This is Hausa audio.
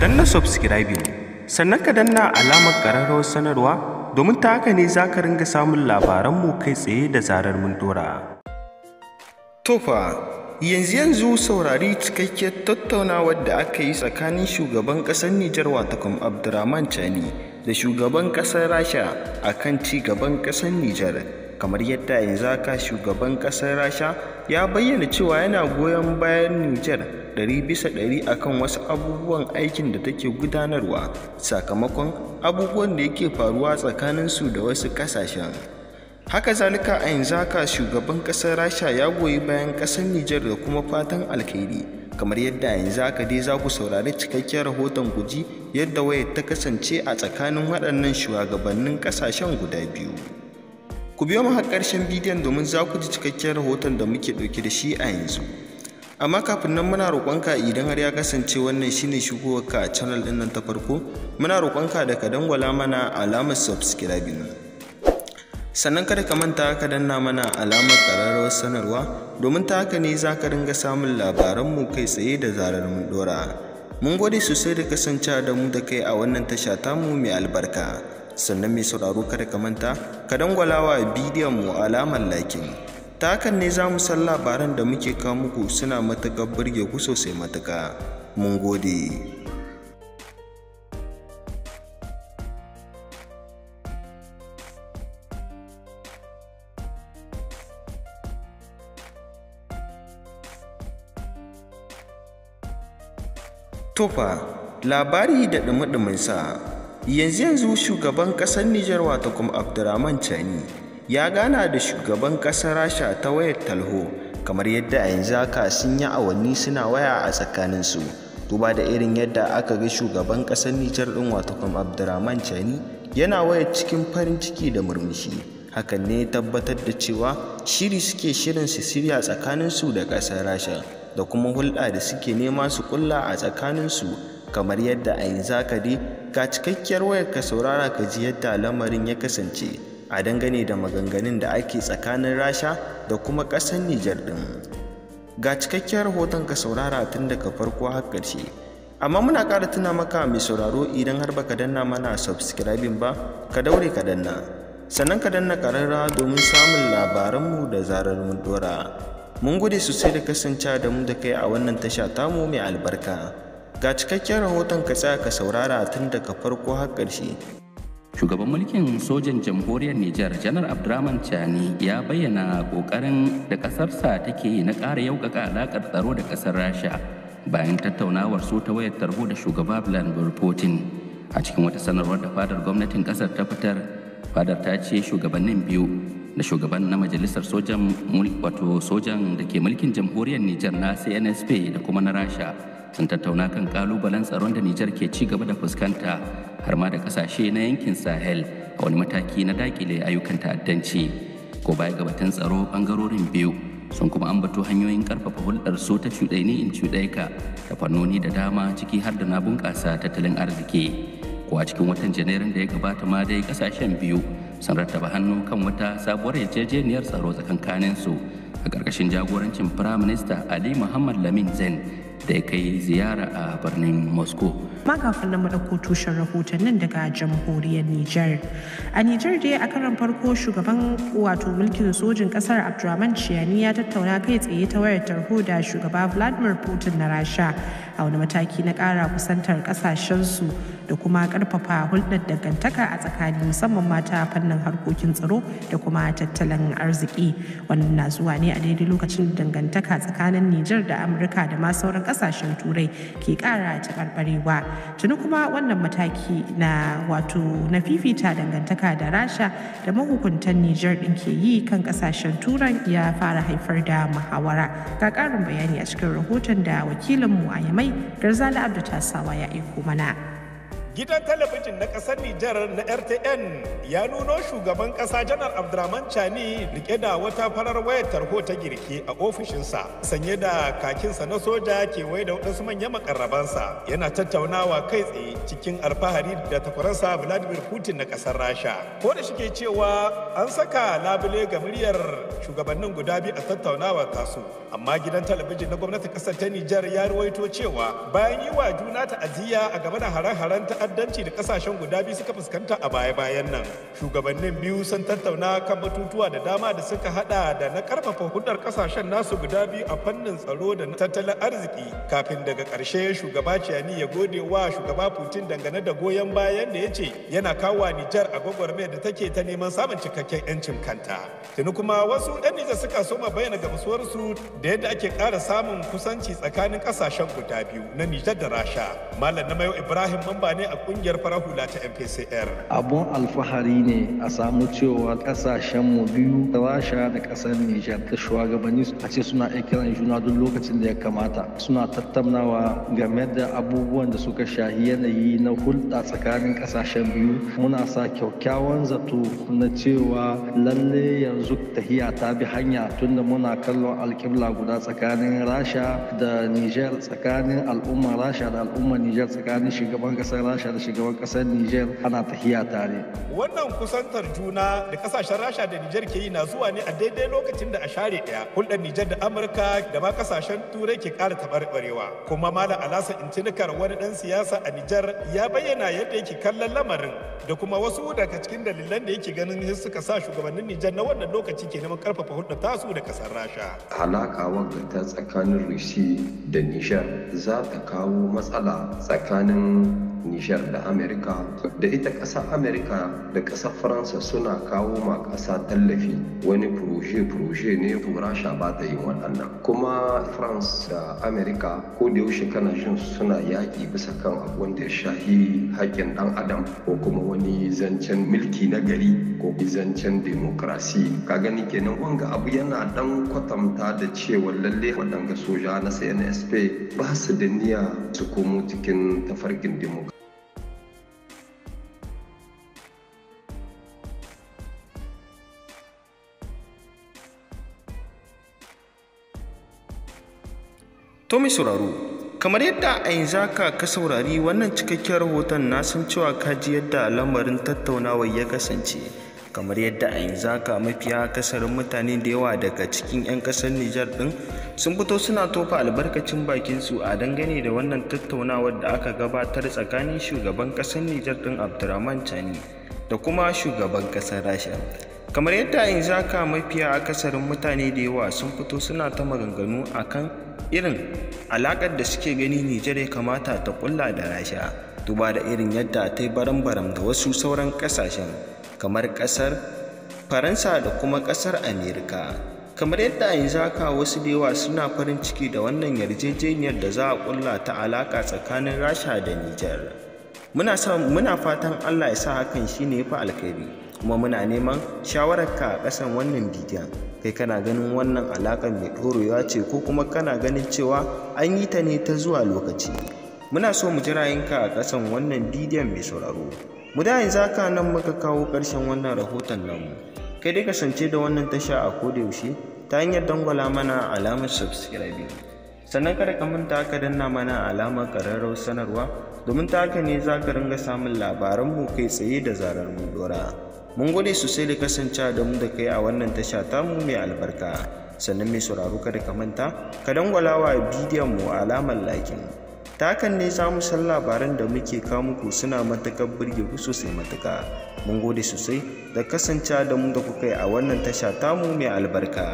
danna subscribing sannan ka danna alamar ƙararrawar sanarwa domin ta haka ne za ka ringa samun labaranmu kai tsaye da zarar mun dora. Tofa yanzu yanzu saurari cikakkiyar tattaunawar da aka yi tsakanin shugaban ƙasar Nijar watakwam Abdurrahman Chani da shugaban ƙasar Rasha akan ci gaban ƙasar Nijar. kamar yadda yanzu haka shugaban ƙasar rasha ya bayyana cewa yana goyon bayan Niger ɗari bisa ɗari akan wasu abubuwan aikin da take gudanarwa sakamakon abubuwan da yake faruwa tsakaninsu da wasu kasashen. haka zalika a yanzu haka shugaban ƙasar rasha ya goyi bayan ƙasar niger da kuma fatan alkhairi kamar yadda yanzu aka dai za ku saurari cikakken rahoton guji yadda wayar ta kasance a tsakanin waɗannan shugabannin ƙasashen guda biyu. Ku biyo mu har ƙarshen bidiyon domin za ku ji cikakken rahoton da muke ɗauke da shi a yanzu. Amma kafin nan muna roƙonka idan har ya kasance wannan shine ka a channel ɗin nan ta farko, muna roƙonka da ka dangwala mana alamar subscribing. Sannan kada ka manta ka danna mana alamar ƙararrawar sanarwa domin ta haka ne za ka ringa samun labaranmu kai tsaye da zarar mun ɗora. Mun gode sosai da kasancewa da mu da kai a wannan tasha tamu mai albarka. sannan mai sauraro kada ka manta ka dangwalawa bidiyon mu alamar lakin ta hakan ne za mu san labaran da muke kawo muku suna matuƙar burge ku sosai matuka mun gode Tofa labari da ɗumi-ɗumin sa yanzu yanzu shugaban ƙasar nijar wato kuma abdurrahman chani ya gana da shugaban ƙasar rasha ta wayar talho kamar yadda a yanzu haka sun yi awanni suna waya a tsakanin su duba da irin yadda aka ga shugaban ƙasar nijar din wato kuma abdurrahman chani yana waya cikin farin ciki da murmushi hakan ne tabbatar da cewa shiri suke shirin su shirya tsakaninsu da ƙasar rasha da kuma hulɗa da suke nema su ƙulla a tsakanin su kamar yadda a yanzu haka dai ga cikakkiyar wayar ka saurara ka ji yadda lamarin ya kasance a dangane da maganganun da ake tsakanin rasha da kuma ƙasar nijar ɗin ga cikakkiyar rahoton ka saurara tun daga farko har ƙarshe amma muna ƙara tuna maka mai sauraro idan har baka danna mana subscribing ba ka daure ka danna sannan ka danna ƙararra domin samun labaranmu da zarar mun dora mun gode sosai da kasance da mu da kai a wannan tasha tamu mai albarka Ga cikakken rahoton ka tsaya ka saurara tun daga farko har ƙarshe. Shugaban mulkin sojan jamhuriyar Nijar Janar Abdurrahman Chani ya bayyana ƙoƙarin da ƙasarsa take na ƙara yaukaka alaƙar tsaro da ƙasar Rasha bayan tattaunawar su ta wayar tarho da shugaba Vladimir Putin. A cikin wata sanarwar da fadar gwamnatin ƙasar ta fitar, fadar ta ce shugabannin biyu da shugaban na majalisar sojan wato sojan da ke mulkin jamhuriyar Nijar na CNSP da kuma na Rasha sun tattauna kan kalubalen tsaron da Nijar ke ci gaba da fuskanta har ma da kasashe na yankin Sahel a wani mataki na dakile ayyukan ta'addanci. Ko baya ga batun tsaro bangarorin biyu sun kuma ambato hanyoyin karfafa hulɗar su ta cuɗaini in cuɗaika ta fannoni da dama ciki har da na bunƙasa tattalin arziki. Ko a cikin watan Janairun da ya gabata ma dai kasashen biyu sun rattaba hannu kan wata sabuwar yarjejeniyar tsaro tsakankaninsu a ƙarƙashin jagorancin Firaminista Ali Muhammad Lamin Zain da ya kai ziyara a birnin moscow makafin kafin na ɗauko tushen rahotannin daga jamhuriyar Nijar. A Nijar dai a karan farko shugaban wato mulkin sojin ƙasar Abdurrahman Ciyani ya tattauna kai tsaye ta wayar tarho da shugaba Vladimir Putin na Rasha a wani mataki na ƙara kusantar su da kuma ƙarfafa hulɗar dangantaka a tsakani musamman mata fannin harkokin tsaro da kuma tattalin arziki. Wannan na zuwa ne a daidai lokacin dangantaka tsakanin Nijar da Amurka da ma sauran ƙasashen Turai ke ƙara taɓarɓarewa. tuni kuma wannan mataki na wato na fifita dangantaka da rasha da mahukuntan nijar din ke yi kan kasashen turan ya fara haifar da muhawara ga karin bayani a cikin rahoton da wakilinmu a yamai garzala abdu tasawa ya aiko mana Gidan talabijin na ƙasar Nijar na RTN ya nuno shugaban ƙasa janar Abdurrahman Chani rike da wata farar wayar tarho ta girke a ofishinsa sanye da kakinsa na soja kewaye da wadansu manyan makarrabansa yana tattaunawa kai tsaye cikin alfahari da takwaransa Vladimir Putin na ƙasar Rasha. Ko da shike cewa an saka labule ga muryar shugabannin guda biyu a tattaunawa tasu amma gidan talabijin na gwamnatin ƙasar ta Nijar ya ruwaito cewa bayan yi wa juna ta'aziyya a game da hare-haren ta ta'addanci da kasashen guda biyu suka fuskanta a baya-bayan nan shugabannin biyu sun tattauna kan batutuwa da dama da suka hada da na karfafa hudar kasashen nasu guda biyu a fannin tsaro da na tattalin arziki kafin daga karshe shugaba ciyani ya gode wa shugaba putin dangane da goyon bayan da ya ce yana kawo nijar a gwagwarmayar da take ta neman samun cikakken 'yancin kanta tuni kuma wasu 'yan nijar suka soma bayyana gamsuwarsu da yadda ake kara samun kusanci tsakanin kasashen guda biyu na nijar da rasha malam na mayo ibrahim mamba ne a kungiyar farar hula ta MPCR. Abun alfahari ne a samu cewa ƙasashenmu biyu da Rasha da ƙasar Nijar da shugabanni a ce suna kiran juna duk lokacin da ya kamata. Suna tattaunawa game da abubuwan da suka shahi yanayi na hulɗa tsakanin ƙasashen biyu. Muna sa kyakkyawan zato na cewa lalle yanzu tahiya ta bi hanya tunda muna kallon alƙibla guda tsakanin Rasha da Nijar tsakanin al'ummar Rasha da al'ummar Nijar tsakanin shugaban ƙasar Rasha rasha da shugaban kasar niger ana tahiya tare wannan kusantar juna da kasashen rasha da niger ke yi na zuwa ne a daidai lokacin da a share ɗaya hulɗar niger da amurka da ma kasashen turai ke ƙara taɓarɓarewa kuma malam alasa intinikar wani ɗan siyasa a niger ya bayyana yadda yake kallon lamarin da kuma wasu daga cikin dalilan da yake ganin suka sa shugabannin niger na wannan lokaci ke neman karfafa hulɗar tasu da kasar rasha alaka wadda ta tsakanin rusi da nishar za ta kawo matsala tsakanin Nijar da Amerika da ita kasar Amerika da ƙasar Faransa suna kawo ma ƙasa tallafi wani proje-proje ne Rasha ba ta yi waɗannan. Kuma France da Amerika ko da yaushe kana jin suna yaƙi bisa kan abu da ya shahi haƙƙin ɗan adam ko kuma wani zancen mulki na gari ko zancen demokrasi. Ka gani kenan wanga abu yana ɗan kwatanta da cewa lalle waɗanga soja na CNSP ba su da niyya su komo cikin tafarkin demokrasi. To mai sauraro, kamar yadda a yanzu haka ka saurari wannan cikakken rahoton na san cewa ka ji yadda lamarin tattaunawa ya kasance. Kamar yadda a yanzu haka mafiya kasarin mutane da yawa daga cikin 'yan kasar Nijar ɗin sun fito suna tofa albarkacin bakin su a dangane da wannan tattaunawar da aka gabatar tsakanin shugaban kasar Nijar ɗin Abdurrahman Chani da kuma shugaban kasar Rasha. Kamar yadda a yanzu haka mafiya akasarin mutane da yawa sun fito suna ta maganganu akan irin alaƙar da suke gani nijar ya kamata ta kulla da rasha duba da irin yadda ta yi baram-baram da wasu sauran ƙasashen kamar ƙasar faransa da kuma ƙasar amerika kamar yadda a yanzu haka wasu da yawa suna farin ciki da wannan yarjejeniyar da za a kulla ta alaƙa tsakanin rasha da nijar muna fatan allah ya sa hakan shine ya fi alkhairi kuma muna neman shawararka a ƙasan wannan bidiyon kai kana ganin wannan alaƙar mai ɗorewa ce ko kuma kana ganin cewa an yi ta ne ta zuwa lokaci muna so mu jira yinka a ƙasan wannan bidiyon mai sauraro mu da yanzu haka nan muka kawo ƙarshen wannan rahoton namu kai dai kasance da wannan tasha a yaushe? ta hanyar dangwala mana alamar subscribe sannan kada ka manta ka danna mana alamar ƙararrawar sanarwa domin ta haka ne za ka ringa samun labaranmu kai tsaye da zarar mu dora. mun gode sosai da kasance da mu da kai a wannan tasha tamu mai albarka sannan mai sauraro kada ka manta ka dangwala wa bidiyon mu alamar lakin Takan ne za mu san labaran da muke kawo muku suna matuƙar birge ku sosai matuka mun gode sosai da kasance da mu da kuka yi a wannan tasha tamu mai albarka